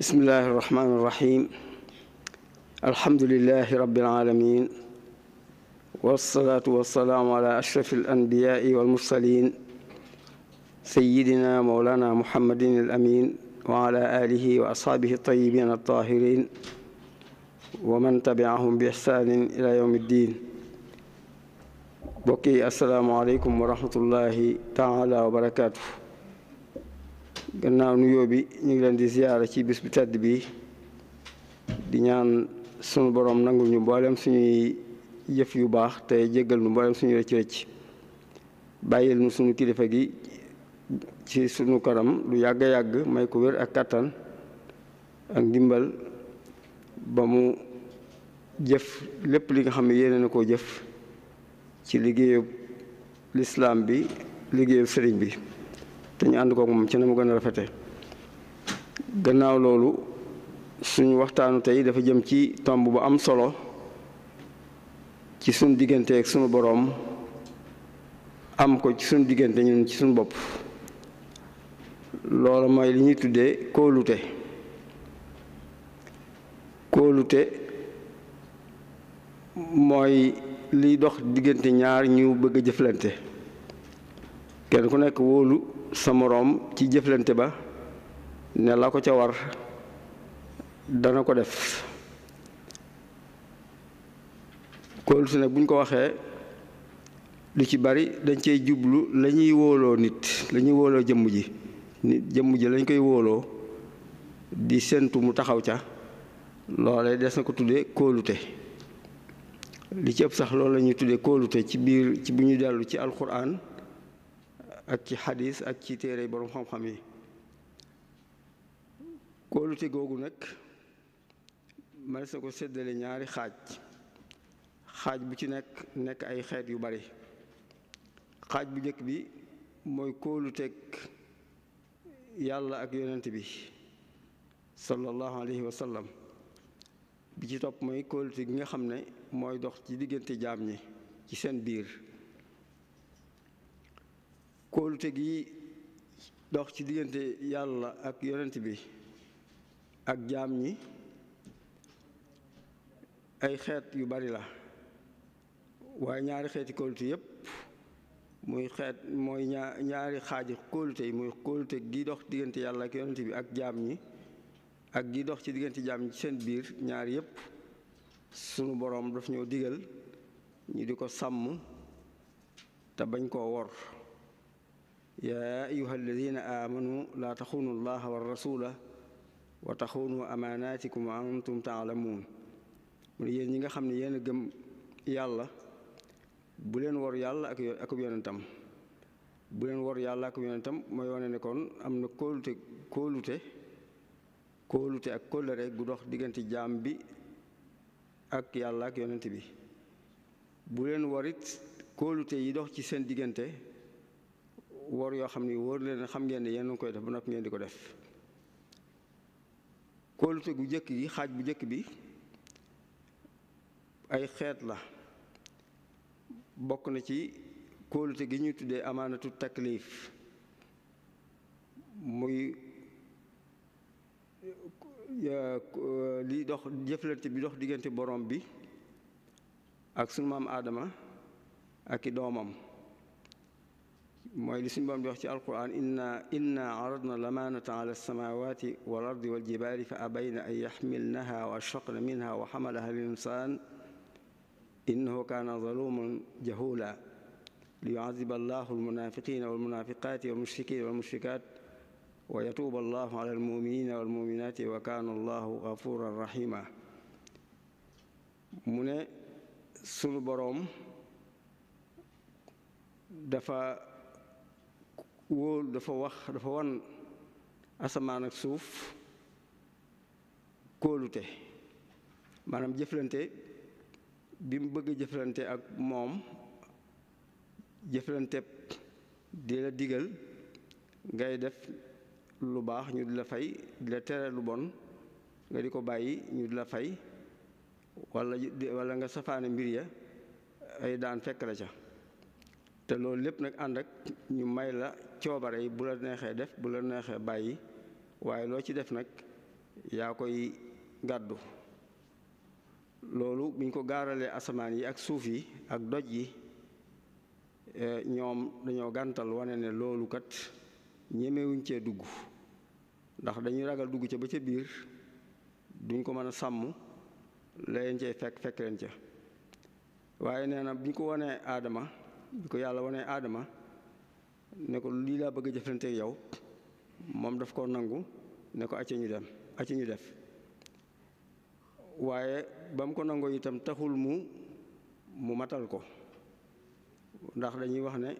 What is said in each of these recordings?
بسم الله الرحمن الرحيم الحمد لله رب العالمين والصلاة والسلام على أشرف الأنبياء والمرسلين سيدنا مولانا محمد الأمين وعلى آله وأصحابه الطيبين الطاهرين ومن تبعهم بإحسان إلى يوم الدين بقي السلام عليكم ورحمة الله تعالى وبركاته gannaaw nuyoo bi ñu ngi leen di ziyaara ci bis bu tedd bi di ñaan sunu borom nangul ñu mboolem suñuy jëf yu baax te jéggal ñu mboolem suñu rëcc rëcc bàyyil ñu sunu kilifa gi ci sunu kanam lu yàgg yàgg may ko wér ak kàttan ak ndimbal ba mu jëf lépp li nga xam ne yéene na ko jëf ci liggéeyu lislaam bi liggéeyu sëriñ bi te ñu ànd kook moom ci na mu gën a rafete gannaaw loolu suñu waxtaanu tey dafa jëm ci tomb bu am solo ci suñu diggante ak suñu boroom am ko ci suñu diggante ñun ci suñu bopp loolu mooy li ñuy tuddee kóolute kóolute mooy liy dox diggante ñaar ñu bëgg a jëflante kenn ku nekk wóolu sa moroom ci jëflante ba ne la ko ca war dana ko def kóolu si nag buñ ko waxee lu ci bari dañ cey jublu la ñuy wóoloo nit la ñuy wóoloo jëmm ji nit jëmm ji lañ koy wóoloo di séntu mu taxaw ca loole des na ko tuddee kóolute li ci ëpp sax loolu la ñuy tuddee kóolute ci biir ci bu ñu dellu ci alquran ak ci xadis ak ci téere boroom xam-xam yi kóolute googu nag mën na ko seddalee ñaari xaaj xaaj bu ci nekk nekk ay xeet yu bari xaaj bu njëkk bi mooy kóoluteeg yàlla ak yonent bi sallallahu alayhi wa sallam bi ci topp mooy kóolute gi nga xam ne mooy dox ci diggante jaam ñi ci seen biir kóolute gi dox ci diggante yàlla ak yonent bi ak jaam ñi ay xeet yu bari la waaye ñaari xeeti kóolute yépp muy xeet mooy ñaar ñaari xaaj kóolute yi muy kóolute gi dox diggante yàlla ak yonent bi ak jaam ñi ak gi dox ci diggante jaam ñi ci seen biir ñaar yépp sunu boroom daf ñoo digal ñu di ko sàmm te bañ koo wor يا أيها الذين آمنوا لا تخونوا الله والرسول وتخونوا أماناتكم وأنتم تعلمون mu ne yéen ñi nga xam ne yéen a gëm yàlla bu leen war yàlla ak ak yonentam bu leen war yàlla ak yonentam mooy wane ne kon am na kóolute kóolute kóolute ak kóllëre gu dox diggante jaam bi ak yàlla ak yonent bi bu leen warit kóolute yi dox ci seen diggante woor yoo xam ne woor leen xam ngeen ne yéen a koy def ba noppi ngeen di ko def kóolute gu jëkk gi xaaj bu jëkk bi ay xeet la bokk na ci kóolute gi ñuy tuddee amaanatu taklif muy li dox jëflante bi dox diggante borom bi ak sunu maam aadama ak i doomam mooy li suñu boom di wax ci alquran inna inna aradna lamanata ala alsamawati wal ardi wal jibaali fa abayna an yaxmilnaha wa ashfaqna minha wa xamalaha al insaan innahu kaana zaluman jahula liyuazib allahu almunafiqina walmunafiqati walmushrikina walmushrikat wa yatuuba allahu ala almuminina walmuminati wa kaana allahu gafuran rahima mu ne sunu boroom dafa woo dafa wax dafa wan asamaan ak suuf kóolute maanaam jëflante bi mu bëgg jëflante ak moom jëflante di la digal ngay def lu baax ñu di la fay di la tere lu bon nga di ko bàyyi ñu di la fay wala nga safaane mbir ya ay daan fekk la ca te loolu lépp nag ànd ak ñu may la coobare yi bu la neexee def bu la neexee bàyyi waaye loo ci def nag yaa koy gàddu loolu biñ ko gaaralee asamaan yi ak suuf yi ak doj yi eh, ñoom dañoo gàntal wane ne loolu kat ñemewuñ cee dugg ndax dañuy ragal dugg ca ba ca biir duñ ko mën a sàmm leen cee fekk fekk leen ca waaye nee na bi ñu ko wanee aadama bi ko yàlla wanee aadama ne ko lii laa bëgg a jëflante yow moom daf ko nangu ne ko acca ñu dem acca ñu def waaye ba mu ko nangoo itam taxul mu mu matal ko ndax dañuy wax ne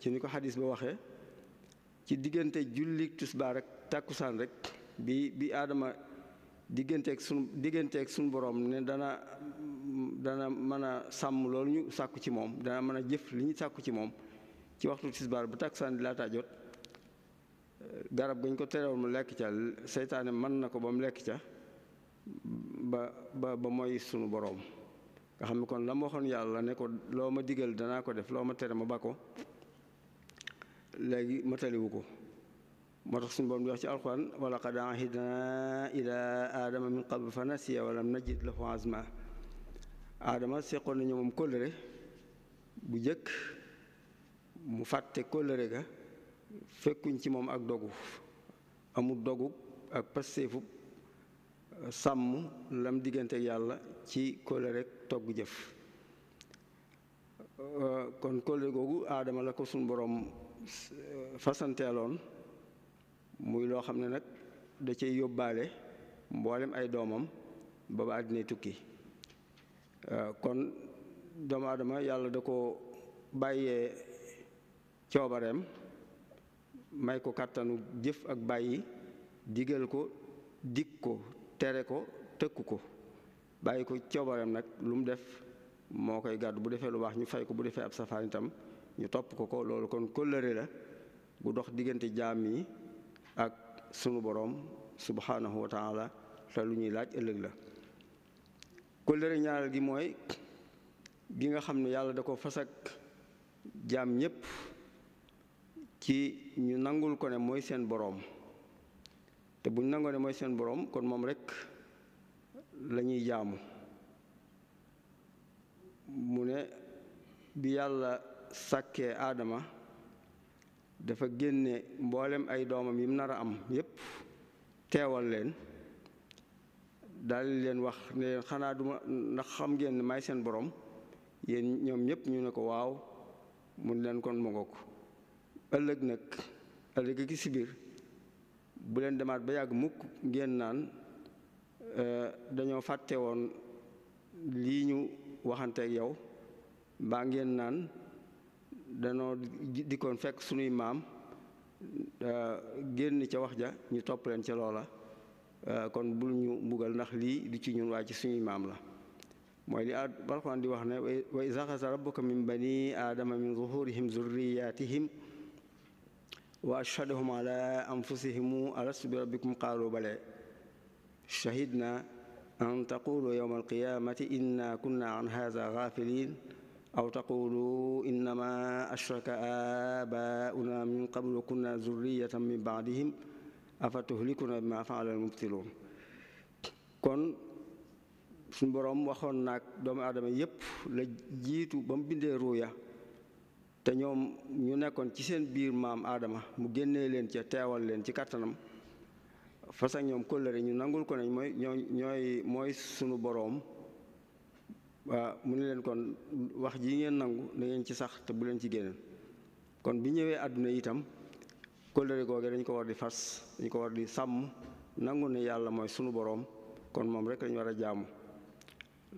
ci ni ko xadis ba waxee ci diggante julli tisbaar rek tàkkusaan rek bi bi aadama digganteeg diggante digganteeg sunu borom ne dana dana mën a sàmm loolu ñu sàkku ci moom dana mën a jëf li ñu sàkku ci moom ci waxtu tisbaar bu taksaan di laataa jot garab gañ ko terewoon mu lekk ca seytaane mën na ko ba mu lekk ca ba ba ba mooy sunu boroom nga xam ne kon la ma waxoon yàlla ne ko loo ma digal danaa ko def loo ma tere ma ba ko léegi ma taliwu ko moo tax suñu borom di wax ci alxuraan wala qad ahidna ila aadama min qabl fa nasiya walam najid lahu azma aadama seqoon nañu moom kóllëre bu jëkk mu fàtte kóllëre ga fekkuñ ci moom ak dogu amul dogu ak pasteefu euh, sàmm lam diggante yàlla ci kóllëre togg jëf euh, kon kóllëre googu aadama la ko suñ boroom euh, fasanteeloon muy loo xam ne nag da cay yóbbaale mboolem ay doomam ba ba àddina tukki Euh, kon doomu aadama yàlla da ko bàyyee coobareem may ko kàttanu jëf ak bàyyi digal ko dikk ko tere ko tëkku ko bàyyi ko coobareem nag lu mu def moo koy gàddu bu defee lu baax ñu fay ko bu defee ab safaan itam ñu topp ko ko loolu kon kóllëre la bu dox diggante jaam yi ak sunu boroom subhaanahu wa taala te lu ñuy laaj ëllëg la kóllëre ñaareel gi mooy bi nga xam ne yàlla da ko fasak jaam ñépp ci ñu nangul ko ne mooy seen boroom te buñ nangoo ne mooy seen boroom kon moom rekk lañuy jaamu mu ne bi yàlla sàkkee aadama dafa génne mboolem ay doomam yi mu nar a am yépp teewal leen daal leen wax ne xanaa duma ndax xam ngeen ne may seen boroom yéen ñoom ñëpp ñu ne ko waaw mun leen kon mu ëllëg nag ëllëg ki si biir bu leen demaat ba yàgg mukk ngeen naan euh, dañoo fàtte woon lii ñu waxanteeg yow baa ngeen naan danoo dikkoon fekk sunuy maam euh, génn ca wax ja ñu topp leen ca loola Euh, kon bul ñu mbugal ndax lii di ci ñun waa ci suñuy maam la mooy li alxuraan di wax ne wa iz axasa rabbuka min bani aadama min zuhurihim zurriyatihim wa ashhadahum ala anfusihim alastu bi rabbikum qaalu bale shahidna an taqulu yowma alqiyamati inna kunna an hadha ghafilin aw taqulu innama ashraka abauna min qablu kunna zurriyatan min baadihim afatuhlikuna bima fa'ala al-mubtilun kon suñu boroom waxoon naag doomu aadama yépp la jiitu ba mu bindee ruuya te ñoom ñu nekkoon ci seen biir maam aadama mu génnee leen ca teewal leen ci kàttanam fas ñoom kóllëre ñu nangul ko nañ mooy mooy sunu boroom mu ne leen kon wax ji ngeen nangu na ci sax te bu leen ci génneen kon bi ñëwee àdduna itam kóllëre googe dañ ko war di fas dañ ko war di sàmm nangu ne yàlla mooy sunu boroom kon moom rek lañu war a jàmm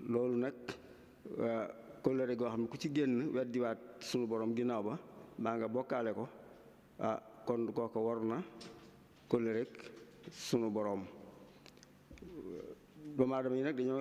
loolu nag euh, kóllëre goo xam ne ku ci génn weddiwaat sunu boroom ginnaaw ba maa nga bokkaale ko ah kon kooko war na kóllëre rek sunu boroom doomu aadama yi nag dañoo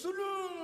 absolu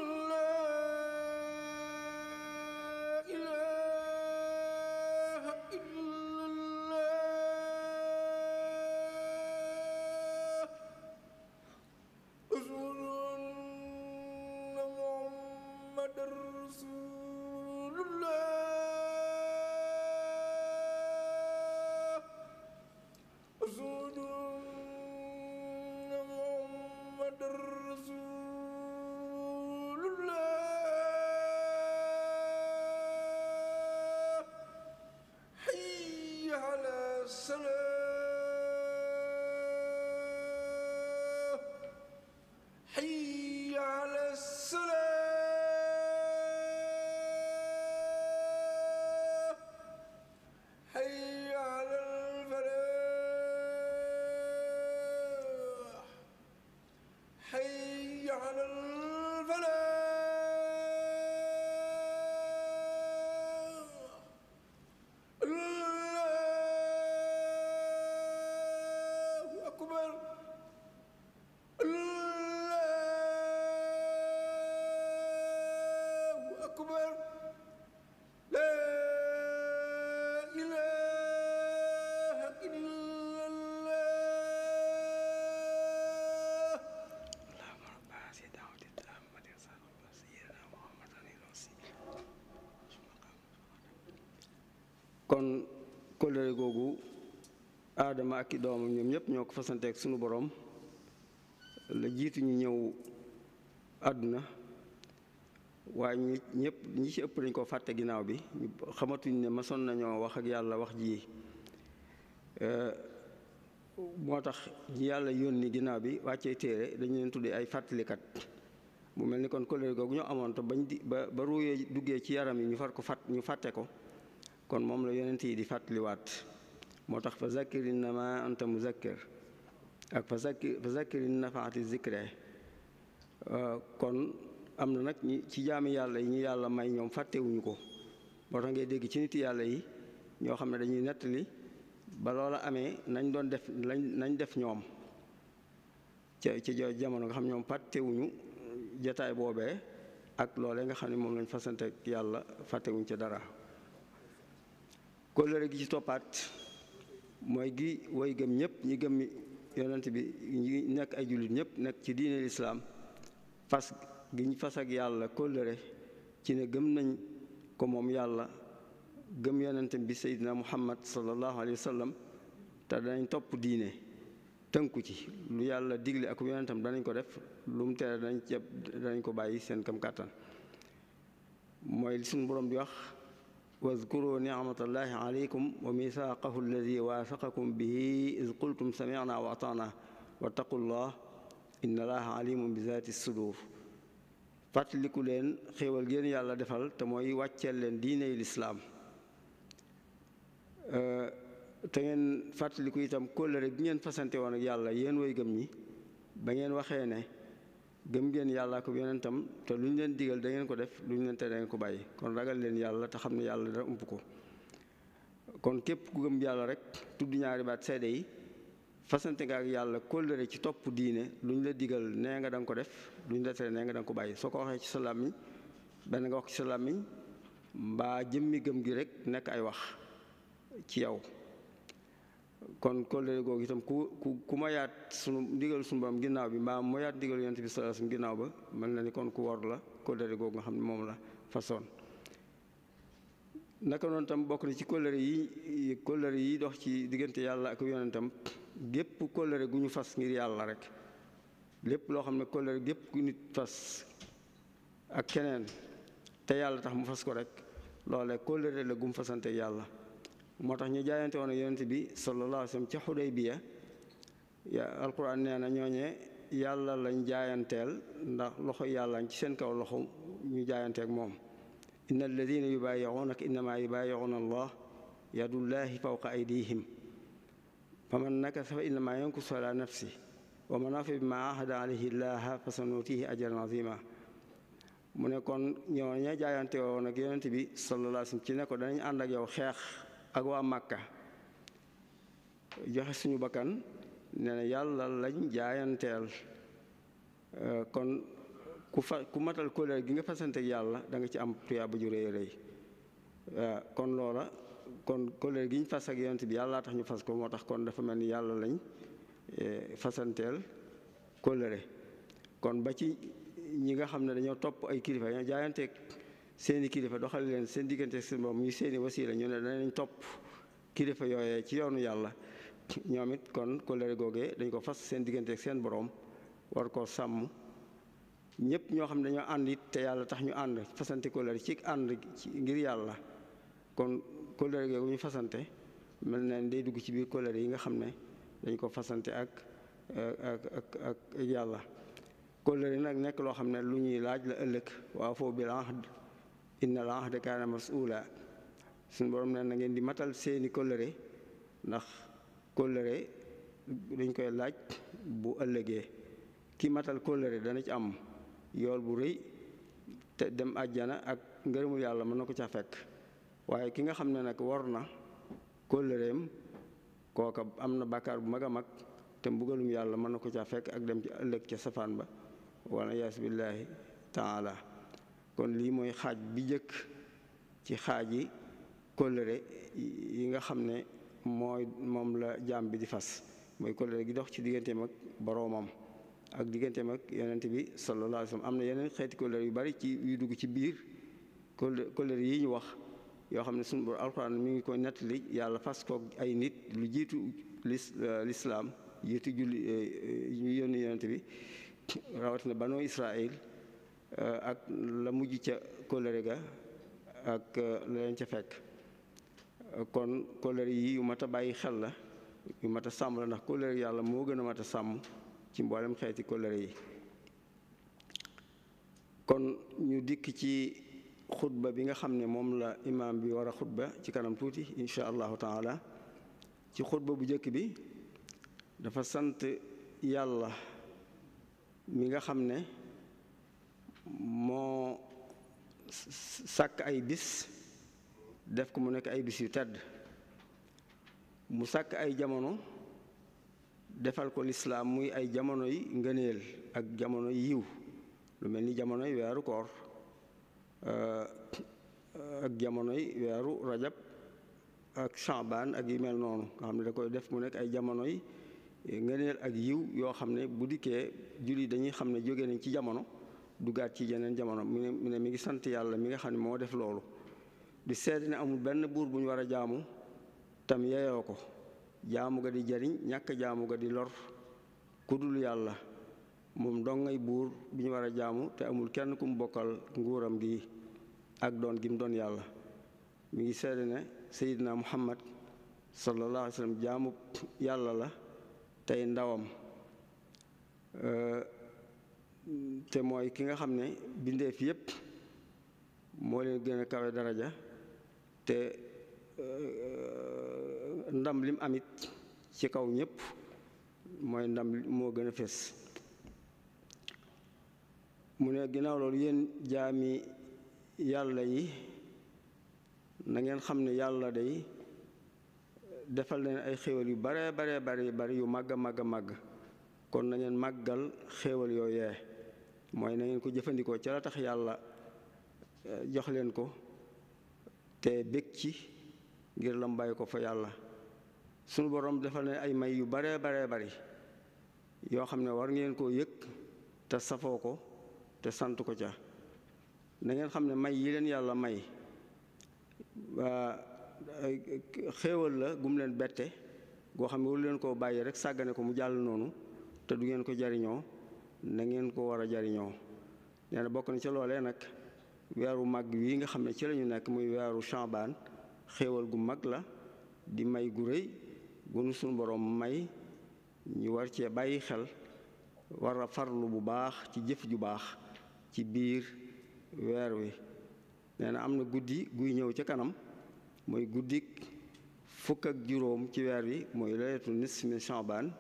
kon kóllëre googu aadama ak i doomam ñoom ñëpp ñoo ko fasanteeg sunu borom la jiitu ñu ñëw àdduna waaye ñi ñëpp ñi ci ëpp dañ ko fàtte ginnaaw bi xamatuñ ne mason nañoo wax ak yàlla wax ji euh, moo tax ji yàlla yónni ginnaaw bi wàccee téere dañu leen tuddee ay fàttalikat mu mel ni kon kóllëre googu ñoo amoon te bañ ba ba ruuyee duggee ci yaram yi ñu far ko fàtt ñu fàtte ko kon moom la yonent yi di fàttaliwaat moo tax fa zakkir innama antamu muzakkir ak fa zakki fa zakkir nafaati zikre euh, kon am na nag ci jaami yàlla yi ñu yàlla may ñoom fàttewuñu ko moo tax ngay dégg ci nit yàlla yi ñoo xam ne dañuy nettali ba loola amee nañ doon def lañ nañ def ñoom ci ci jamono nga xam ñoom fàttewuñu jataay boobee ak loolee nga xam ne moom lañ fasanteeg yàlla fàttewuñ ca dara kóllëre gi ci toppaat mooy gi woy gëm ñëpp ñi gëm yonent bi ñi nekk ay jullit ñëpp nekk ci diine lislaam fas gi fas ak yàlla kóllëre ci ne gëm nañ ko moom yàlla gëm yonentam bi seydina muhammad sallallahu alayhi wa sallam te danañ topp diine tënku ci lu yàlla digle ak yonentam danañ ko def lu mu tere danañ ceeb danañ ko bàyyi seen kam kàttan mooy suñu borom di wax واذكروا نعمة الله عليكم وميثاقه الذي واثقكم به إذ قلتم سمعنا وأطعنا واتقوا الله إن الله عليم بذات الصدور fàttaliku leen xéewal génn yàlla defal te mooy wàcceel leen diiney lislaam te ngeen fàttaliku itam kóllëre gi ngeen fasante woon ak yàlla yéen way gëm ñi ba ngeen waxee ne gëm ngeen yàlla ak yonentam te lu ñu leen digal da ngeen ko def lu ñu leen tere da ko bàyyi kon ragal leen yàlla te xam ne yàlla dara ump ko kon képp ku gëm yàlla rek tudd ñaari baat seede yi fasante nga ak yàlla kóllëre ci topp diine lu ñu la digal nee nga danga ko def lu ñu la tere nee nga da ko bàyyi soo ko waxee ci sa làmmiñ benn nga wax ci sa làmmiñ mbaa jëmmi gëm gi rek nekk ay wax ci yow kon kóllëre googu itam ku ku ku moyaat sunu ndigal sunu borom ginnaaw bi mbaa moyaat ndigal yonent bi sallallahu alayhi wasallam ba mel na ni kon ku wor la kóllëre googu nga xam ne moom la façon naka noonu tam bokk na ci kóllëre yi kóllëre yi dox ci diggante yàlla ak tam gépp kóllëre gu ñu fas ngir yàlla rek lépp loo xam ne kóllëre gépp gu nit fas ak keneen te yàlla tax mu fas ko rek loole kóllëre la gum fasante yàlla moo tax ñu jaayante woon ak yonent bi sallallahu alayhi wa sallam ca Xudaybiya ya alquran nee na ñooñee yàlla lañ jaayanteel ndax loxo yàlla ci seen kaw loxo ñu jaayanteeg moom inna alladina yubaayi'uunaka innamaa yubaayi'uuna allah yadullahi fawqa aydihim fa man nakasa fa innamaa yankusu ala nafsi wa man afa bimaa ahada alayhi llaaha fa sanuutihi ajran azima mu ne kon ñoo ña jaayante woon ak yonent bi sallallahu alayhi wa ci ne ko danañ ànd yow xeex ak waa Màkka joxe suñu bakkan nee na yàlla lañ jaayanteel euh, kon ku fa ku matal kóllëre gi nga fasante yàlla da nga ci am tuyaaba ju rëy rëy euh, kon loola kon kóllëre gi ñu fas ak yonent bi yàlla tax ñu fas ko moo tax kon dafa mel ni yàlla lañ euh, fasanteel kóllëre kon ba ci ñi nga xam ne dañoo topp ay kilifa ñoo jaayanteeg seeni kilifa doxal leen seen diggante seen moom ñu seeni wasiila ñu ne danañ topp kilifa yooyee ci yoonu yàlla ñoom it kon kóllëre googee dañ ko fas seen diggante ak seen borom war koo sàmm ñëpp ñoo xam ne dañoo ànd it te yàlla tax ñu ànd fasante kóllëre ci ànd ngir yàlla kon kóllëre googu ñu fasante mel na day dugg ci biir kóllëre yi nga xam ne dañ ko fasante ak ak ak ak yàlla kóllëre nag nekk loo xam ne lu ñuy laaj la ëllëg waa foo inna al ahda kaana mas'uula suñu borom ne na ngeen di matal seeni kóllëre ndax kóllëre dañ koy laaj bu ëllëgee ki matal kóllëre dana ci am yool bu rëy te dem àjjana ak ngërëmul yàlla mën na ko ca fekk waaye ki nga xam ne nag war na kóllëreem kooka am na bàkkaar bu mag a mag te mbugalum yàlla mën na ko ca fekk ak dem ci ëllëg ca safaan ba wala yaas billaahi taala kon lii mooy xaaj bi jëkk ci xaaji kóllëre yi nga xam ne mooy moom la jaam bi di fas mooy kóllëre gi dox ci digganteem ak boroomam ak digganteem ak yonent bi sallallahu alayhi am na yeneen xeeti kóllëre yu bari ci yuy dugg ci biir kóllëre yi ñu wax yoo xam ne suñu bor alxuraan mi ngi ko li yàlla fas koog ay nit lu jiitu euh, lislaam jiitu julli ñu euh, euh, yónni yonent bi rawatina banoo Israel Euh, ak la mujj ca kóllëre ga ak euh, la leen ca fekk euh, kon kóllëre yi yu mat a bàyyi xel la yu mat a sàmm la ndax kóllëre yàlla moo gën a mat a sàmm ci mboolem xeeti kóllëre yi kon ñu dikk ci xutba bi nga xam ne moom la imaam bi war a xutba ci kanam tuuti incha allahu taala ci xutba bu njëkk bi dafa sant yàlla mi nga xam ne moo sakk ay bis def ko mu nekk ay bis yu tedd mu sakk ay jamono defal ko lislaam muy ay jamono yi ngëneel ak jamono yiw lu mel ni jamonoy weeru koor euh, ak jamonoy weeru rajab ak chambaan ak yu mel noonu nga xam ne da koy def mu nekk ay jamono yi ngëneel ak yiw yoo xam ne bu dikkee julli dañuy xam ne jóge nañ ci jamono dugaat ci jeneen jamono mu ne mu ne mi ngi sant yàlla mi nga xam ne moo def loolu di seede ne amul benn buur bu ñu war a jaamu tam yeyoo ko jaamu ga di jariñ ñàkk jaamu ga di lor ku dul yàlla moom dongay buur bi ñu war a jaamu te amul kenn ku mu bokkal nguuram gi ak doon gi mu doon yàlla mu ngi sedd ne sayidina muhammad sallallahu alayhi wa sallam jaamu yàlla la tey ndawam te mooy ki nga xam ne bindeef yépp moo leen gën a kawe daraja te euh, ndam lim amit ci kaw ñépp mooy ndam moo gën a fees mu ne ginnaaw loolu yéen jaami yàlla yi na ngeen xam ne yàlla day defal leen ay xéewal yu bare bare bare bari yu màgg a màgg a màgg kon na ngeen màggal xéewal yooyee mooy na ko jëfandikoo ca la tax yàlla eh, jox leen ko te bég ci ngir lam bàyyi ko fa yàlla sunu borom defal ne ay may yu baree baree bari yoo xam ne war ngeen koo yëg te safoo ko te sant ko ca na ngeen xam ne may yi leen yàlla may eh, xéewal la gum leen bette goo xam ne waru leen koo bàyyi rek sàggane ko mu jàll noonu te du ngeen ko jariñoo na ngeen ko war a jariñoo nee na bokk na ci loolee nag weeru mag wi nga xam ne ci lañu nekk muy weeru chambaan xéewal gu mag la di may gu rëy gu nu boroom may ñu war cee bàyyi xel war farlu bu baax ci jëf ju baax ci biir weer wi nee na am na guddi guy ñëw ca kanam mooy guddik fukk ak juróom ci weer wi mooy laylatul nisfi Sha'ban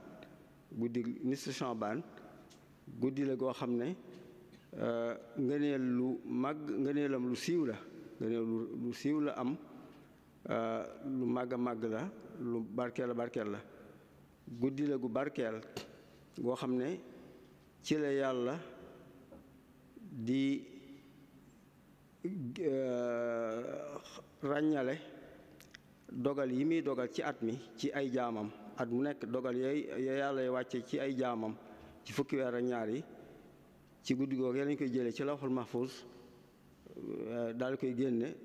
guddi nisfi Sha'ban guddi la goo xam ne euh, ngëneel lu mag ngëneelam lu siiw la ngëneel lu siiw la am euh, lu màgg a màgg la lu barkeel la barkeel la guddi la gu barkeel goo xam ne ci la yàlla di euh, ràññale dogal yi muy dogal ci at mi ci ay jaamam at mu nekk dogal yooyu yàlla wàcce ci ay jaamam ci fukki weer ak ñaar yi ci guddi googu lañ koy jëlee ci lawxul mahfuz euh, daal koy génne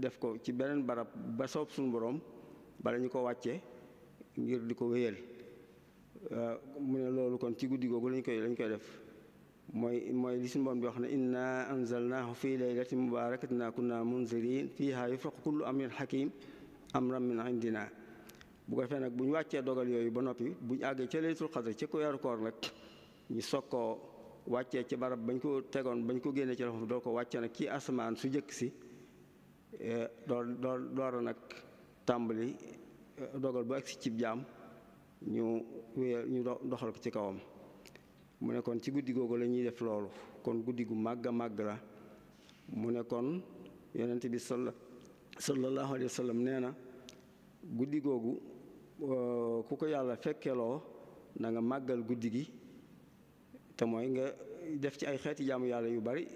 def ko ci beneen barab ba soob suñu boroom bala ñu ko wàccee ngir di ko wéyal euh, mu ne loolu kon ci guddi googu lañ koy lañ koy def mooy mooy li suñu borom bi wax ne inna naa fi laylatin mubarakatin inna kunna munzirin fiha yufraqu kullu amrin hakim amran min naa bu ko defee nag bu ñu wàccee dogal yooyu ba noppi bu ñu àggee ca laylatul qadr ca ko weeru nag ñu soog koo wàccee ci barab bañ ko tegoon bañ ko génnee ci loxo dool ko wàcce nag ci asamaan su jëkk si dool dool doora nag tàmbali eh, dogal bu agsi cib jaam ñu wéyal ñu doxal ko ci kawam mu ne kon ci guddi googu la ñuy def loolu kon guddi gu màgg a màgg la mu ne kon yonent bi sal sallallahu alayhi wa sallam nee na guddi googu eh, ku ko yàlla fekkeloo na nga màggal guddi gi te mooy nga def ci ay xeeti jaamu yàlla yu bari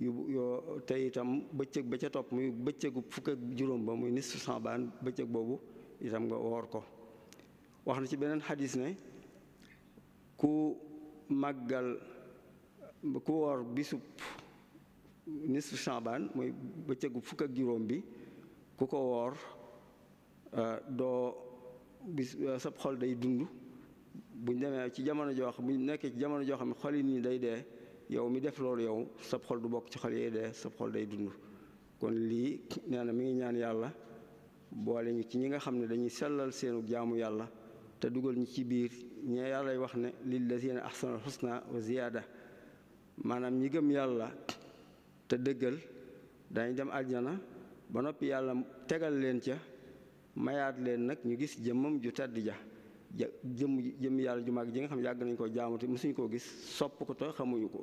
yu yoo te itam bëccëg ba ca topp muy bëccëgu fukk ak juróom ba muy nisfu Saabaan bëccëg boobu itam nga woor ko wax na ci beneen xadis ne ku màggal ku woor bisub nisfu Saabaan mooy bëccëgu fukk ak juróom bi ku ko woor euh, doo bis euh, sab xol day dund buñ demee ci jamono joo xam buñ nekkee ci jamono joo xam ne xol yi nii day dee yow mi def loolu yow sab xol du bokk ci xol yee dee sab xol day dund kon lii nee na mi ngi ñaan yàlla boole ñu ci ñi nga xam ne dañuy sellal seenu jaamu yàlla te dugal ñu ci biir ñee yàllay wax ne lii lillazina ahsanal husna wa ziyaada maanaam ñi gëm yàlla te dëggal dañu dem aljana ba noppi yàlla tegal leen ca mayaat leen nag ñu gis jëmmam ju tedd ja ja jëm yàlla ju ji nga xam ne yàgg nañ koo jaamu te mësuñ koo gis sopp ko te xamuñu ko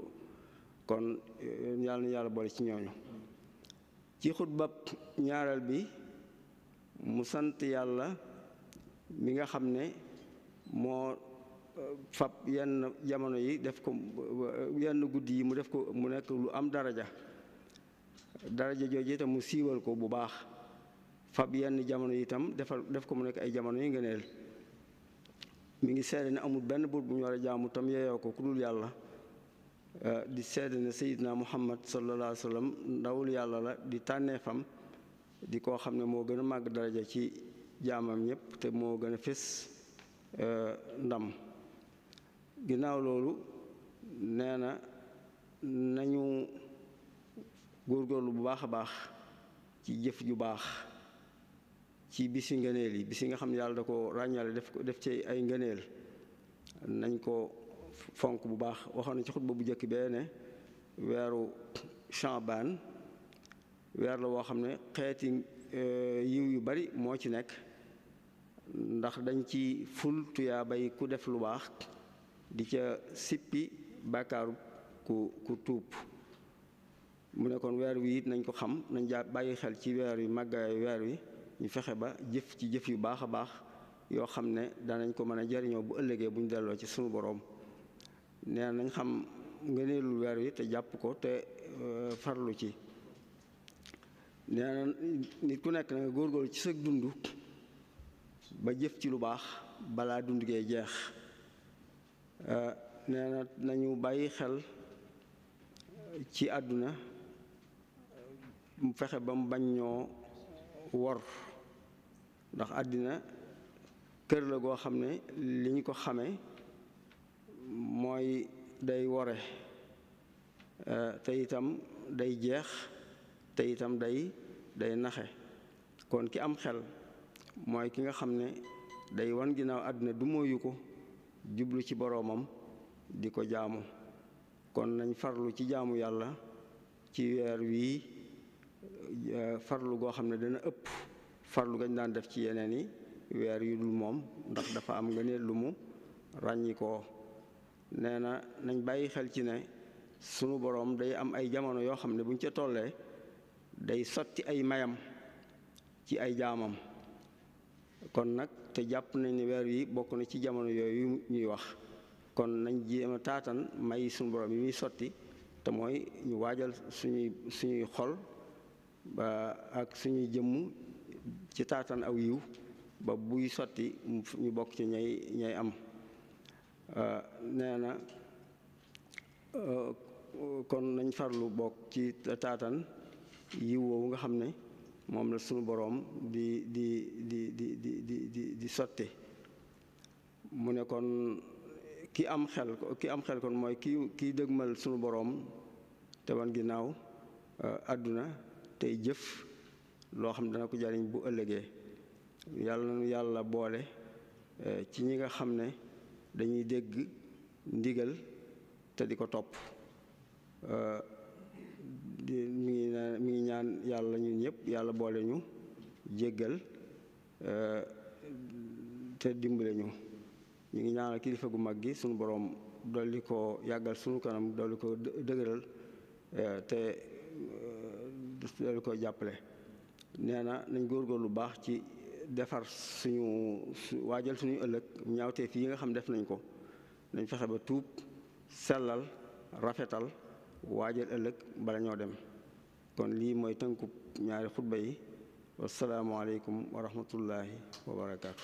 kon euh, yàlla na yàlla boole ci ñooñu ci xut xutbab ñaareel bi mu sant yàlla mi nga xam ne moo euh, fab yenn jamono yi def ko euh, guddi yi mu def ko mu nekk lu am daraja daraja jooju itam mu siiwal ko bu baax fab yenn jamono yi itam defal def ko mu nekk ay jamono yi ngëneel mi ngi sedd na amul benn buur bu ñu war a jaamu tam yeeyoo ko ku dul yàlla euh, di seede ne sayidna muhammad sallallahu alayhi ndawul yàlla la di tànnee fam di koo xam ne moo gën a màgg daraja ci jaamam ñëpp te moo gën a fés euh, ndam ginnaaw loolu nee na nañu góorgóorlu bu baax a baax ci jëf ju baax ci bisi ngëneel yi bisi nga xam ne yàlla da ko ràññale def ko def ci ay ngëneel nañ ko fonk bu baax waxoon na ci xutba bu njëkk bee ne weeru Shaabaan weer la woo xam ne xeeti e, yiw yu bari moo ci nekk ndax dañ ci ful tuyaa ku def lu baax di ca sippi bàkkaaru ku ku tuub mu ne kon weer wi it nañ ko xam nañ jàpp bàyyi xel ci weer wi màggaayu weer wi ñu fexe ba jëf ci jëf yu baax a baax yoo xam ne danañ ko mën a jariñoo bu ëllëgee buñu delloo ci sunu boroom nee nañ xam lu weer wi te jàpp ko te euh, farlu ci nee ku nekk na ci sa dund ba jëf ci lu baax balaa dund gee jeex euh, nee na nañu bàyyi xel ci àdduna mu fexe ba mu bañ ñoo wor ndax àddina kër la goo xam ne li ñu ko xamee mooy day wore euh, te itam day jeex te itam day day naxe kon ki am xel mooy ki nga xam ne day wan ginnaaw àddina du mooyu ko jublu ci boroomam di ko jaamu kon nañ farlu ci jaamu yàlla ci weer wii euh, farlu goo xam ne dana ëpp farlu gañ daan def ci yeneen yi weer yu dul moom ndax dafa am nga ne lu mu ràññikoo nee na nañ bàyyi xel ci ne sunu boroom day am ay jamono yoo xam ne buñ ca tollee day sotti ay mayam ci ay jaamam kon nag te jàpp nañ ne weer yi bokk na ci jamono yooyu ñuy wax kon nañ jéem a taatan may suñu borom yi muy sotti te mooy ñu waajal suñuy suñuy xol ba ak suñuy jëmm ci taatan aw yiw ba buy sotti ñu bokk ci ñay ñay am euh, nee na euh, kon nañ farlu bokk ci taatan yiw woowu nga xam ne moom la sunu boroom di di di di di di di di sotte mu ne kon ki am xel ki am xel kon mooy ki kiy dëgmal sunu boroom te wan ginnaaw euh, àdduna tey jëf loo xam dana ko jariñ bu ëllëgee yàlla na nu yàlla boole eh, ci ñi nga xam ne dañuy dégg ndigal te di ko topp eh, mi ngi mi ngi ñaan yàlla ñun ñëpp yàlla boole ñu jéggal eh, te dimbale ñu ñu ngi ñaanal kilifa gu mag gi suñu boroom dolli ko yàggal suñu kanam dolli ko dëgëral te dolli ko jàppale nee na góor góor lu baax ci defar suñu waajal suñuy ëllëg ñaawteef yi nga xam def nañ ko nañ fexe ba tuub sellal rafetal waajal ëllëg bala ñoo dem kon lii mooy tënkub ñaari xutba yi wasalaamualeykum wa rahmatullahi wa barakaatu.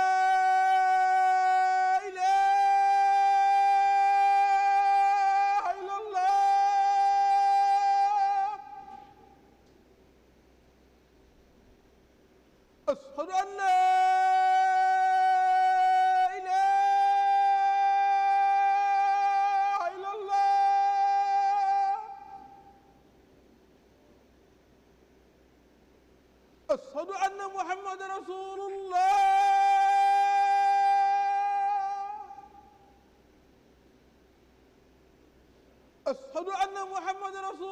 ashhadu an la ashhadu anna muhammadan rasulullah ashhadu anna muhammadan rasul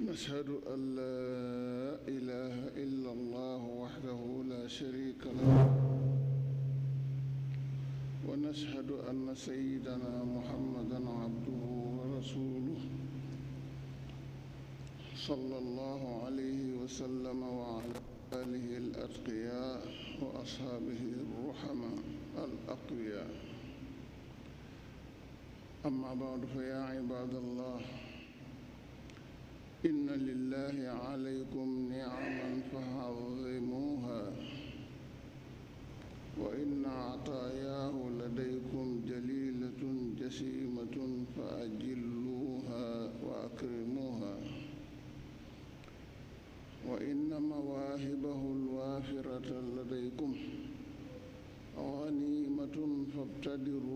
نشهد أن لا إله إلا الله وحده لا شريك له ونشهد أن سيدنا محمدا عبده ورسوله صلى الله عليه وسلم وعلى آله الأتقياء وأصحابه الرحماء الأقوياء أما بعد فيا عباد الله إن لله عليكم نعما فعظموها وإن عطاياه لديكم جليلة جسيمة فأجلوها وأكرموها وإن مواهبه الوافرة لديكم غنيمة فابتدروا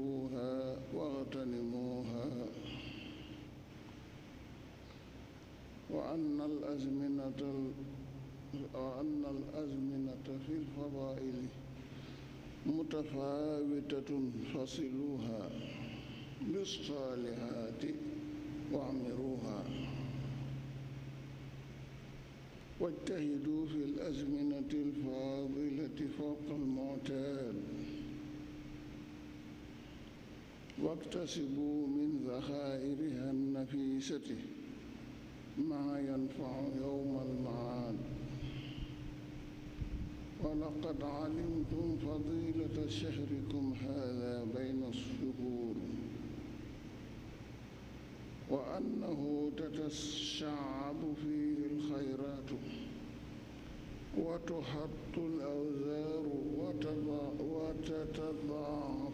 وأن الأزمنة وأن الأزمنة في الفضائل متفاوتة فصلوها بالصالحات واعمروها واجتهدوا في الأزمنة الفاضلة فوق المعتاد واكتسبوا من ذخائرها النفيسة ما ينفع يوم المعاد ولقد علمتم فضيلة شهركم هذا بين الصدور وأنه تتشعب فيه الخيرات وتحط الأوزار وتتضاعف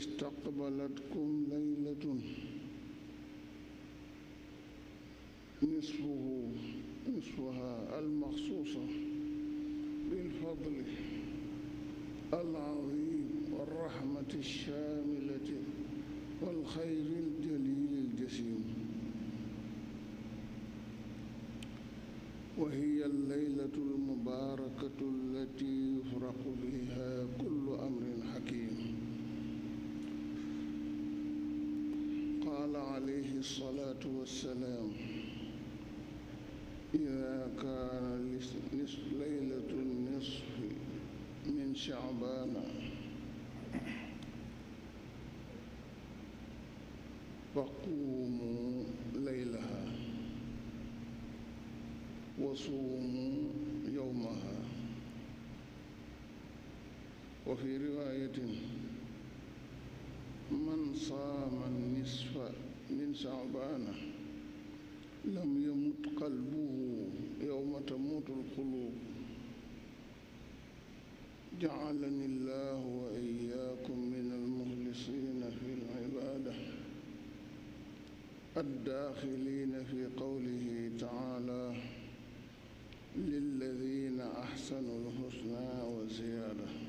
istaqbalatkum laylatun nisfuhu nisfaha almaxsuusa bilfadli alazim warrahmati alshamilati walxayri aljalil aljasim وهي الليلة المباركة التي يفرق بها كل أمر حكيم عليه الصلاة والسلام إذا كان ليلة النصف من شعبان فقوموا ليلها وصوموا يومها وفي رواية من صام النصف من شعبان لم يمت قلبه يوم تموت القلوب جعلني الله وإياكم من المخلصين في العبادة الداخلين في قوله تعالى للذين أحسنوا الحسنى وزيادة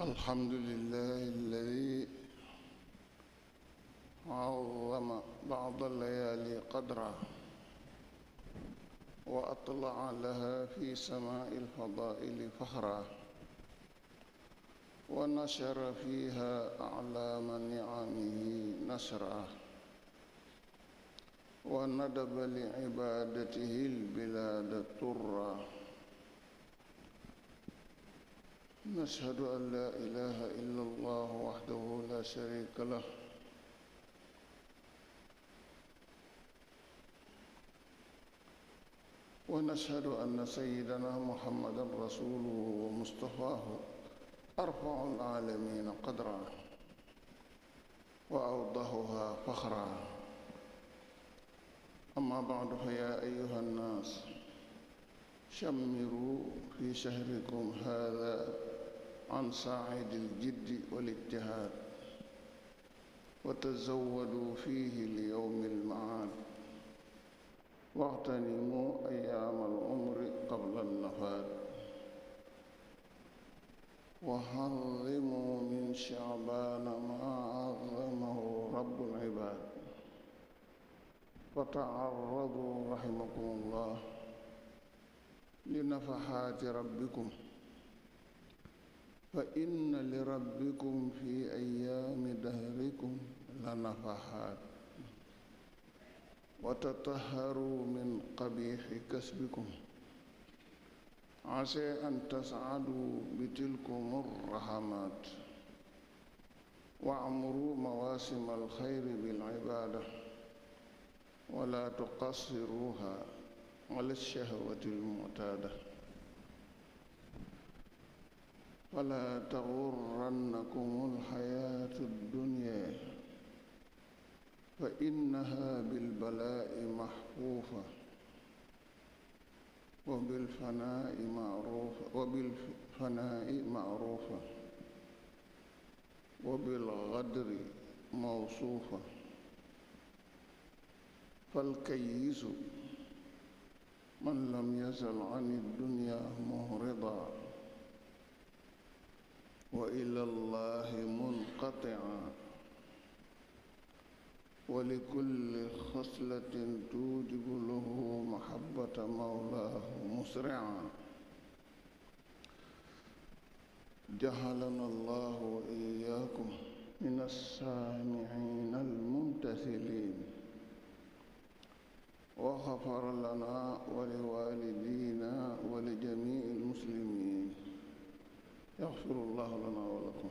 الحمد لله الذي عظم بعض الليالي قدرا وأطلع لها في سماء الفضائل فخرا ونشر فيها أعلام نعمه نشرا وندب لعبادته البلاد ترا نشهد أن لا إله إلا الله وحده لا شريك له ونشهد أن سيدنا محمدا رسوله ومصطفاه أرفع العالمين قدرا وأوضحها فخرا أما بعد فيا أيها الناس شمروا في شهركم هذا عن صاعد الجد والاجتهاد وتزودوا فيه ليوم المعاد واغتنموا أيام العمر قبل النفاد وعظموا من شعبان ما عظمه رب العباد وتعرضوا رحمكم الله لنفحات ربكم fa inna li rabbikum fi ayaami dahrikum la nafahaat wa tataharu min qabiixi kasbikum ase an tasaadu bi tilkum raxamaat wa amru mawaasim alxayri bil ibaada wala tuqassiruha ala shahwati almutaada ولا تغرنكم الحياة الدنيا فإنها بالبلاء محفوفة وبالفناء معروفة وبالفناء معروفة وبالغدر موصوفة فالكيس من لم يزل عن الدنيا مهرضا وإلى الله منقطعا ولكل خصلة توجب له محبة مولاه مسرعا جعلنا الله وإياكم من السامعين الممتثلين وغفر لنا ولوالدينا ولجميع المسلمين yaxfirullahu lana wa lakum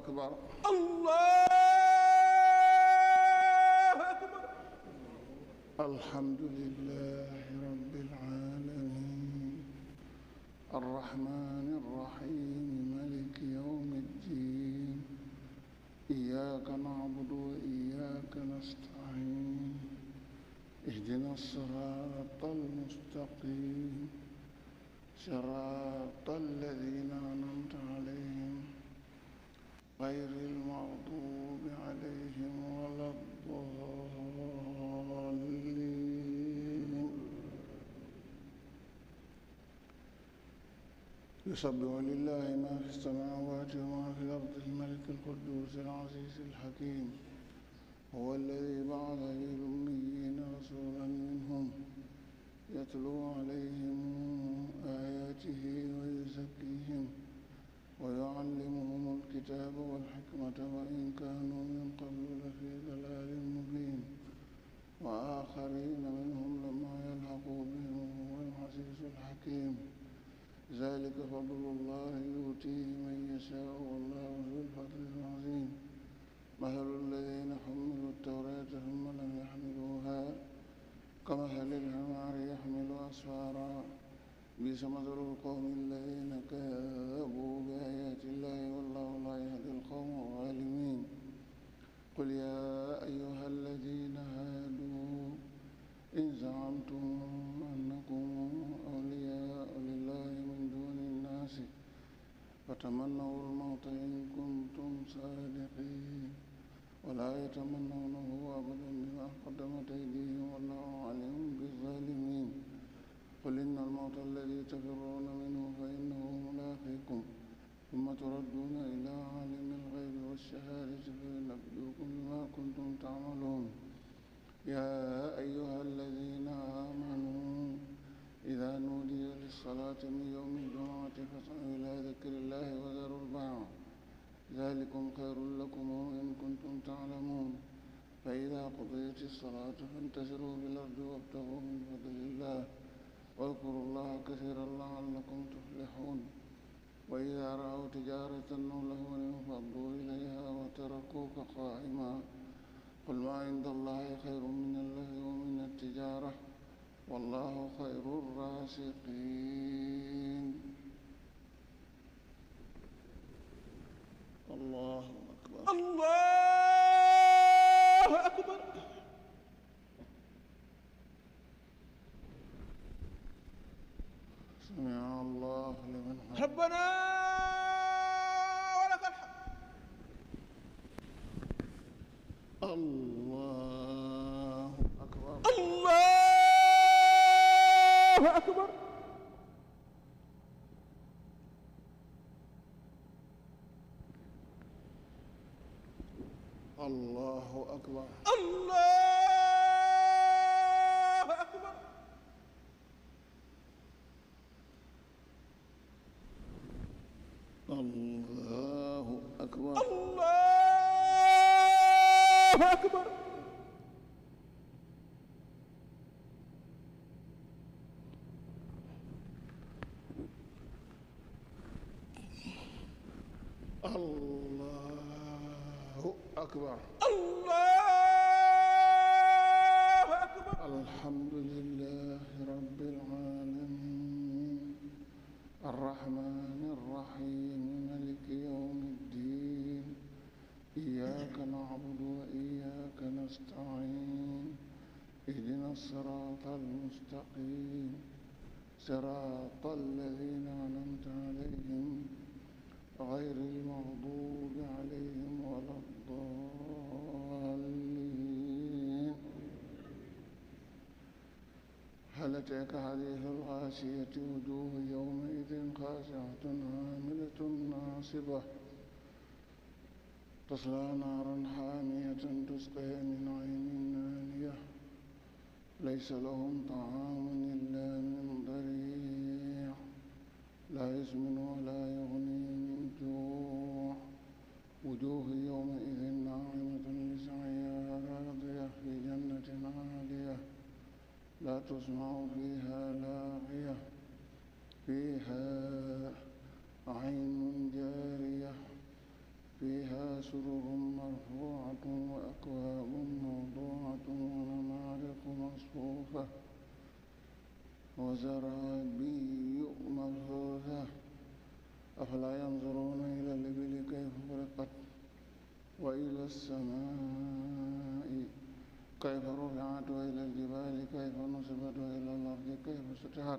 akbar allahu akbar alhamdulillahi rabbil alamin arrahmani arrahim maliki yawmi ddin iyyaka na'budu wa iyyaka nasta'in ihdina sirata almustaqim sirata alladhina an'amta غير المغضوب عليهم ولا الضالين يسبح لله ما في السماوات وما في الأرض الملك القدوس العزيز الحكيم هو الذي بعث في الأميين رسولا منهم يتلو عليهم آياته ويزكيهم ويعلمهم الكتاب والحكمة وإن كانوا من قبل لفي ضلال مبين وآخرين منهم لما يلحقوا بهم هو العزيز الحكيم ذلك فضل الله يؤتيه من يشاء والله ذو الفضل العظيم مثل الذين حملوا التوراة ثم لم يحملوها كمثل الحمام بئس مثل القوم الذين كذبوا بآيات الله والله لا يهدي القوم الظالمين قل يا أيها الذين هادوا إن زعمتم أنكم أولياء لله من دون الناس فتمنوا الموت إن كنتم صادقين ولا يتمنونه أبدا بما قدمت أيديهم والله عليم قل إن الموت الذي تفرون منه فإنه ملاقيكم ثم تردون إلى عالم الغيب والشهادة فينبئكم بما كنتم تعملون يا أيها الذين آمنوا إذا نودي للصلاة من يوم الجمعة فاسعوا إلى ذكر الله وذروا البيع ذلكم خير لكم إن كنتم تعلمون فإذا قضيت الصلاة فانتشروا في الأرض وابتغوا من فضل الله واذكروا الله كثيرا لعلكم تفلحون وإذا رأوا تجارة أو لهوا انفضوا إليها وتركوك قائما قل ما عند الله خير من اللهو ومن التجارة والله خير الراسقين الله أكبر الله يا الله لمن حمد ربنا ولك الحمد الله أكبر الله أكبر الله أكبر الله akbar ah أتاك حديث الغاشية وجوه يومئذ خاشعة عاملة ناصبة تصلى نارا حامية تسقى من عين آنية ليس لهم طعام عين جارية فيها سرر مرفوعة وأكواب موضوعة ونمارق مصفوفة وزرابي مبثوثة أفلا ينظرون إلى الإبل كيف خلقت وإلى السماء كيف رفعت وإلى الجبال كيف نصبت وإلى الأرض كيف سطحت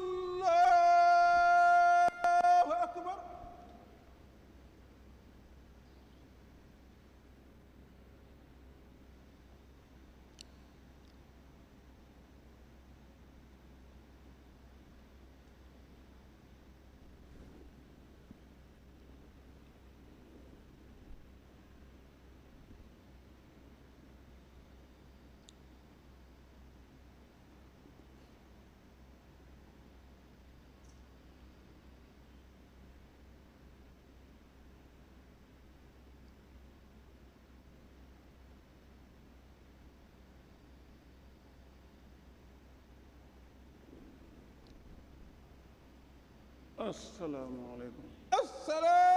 asalaamaaleykum. asalaamaaleykum.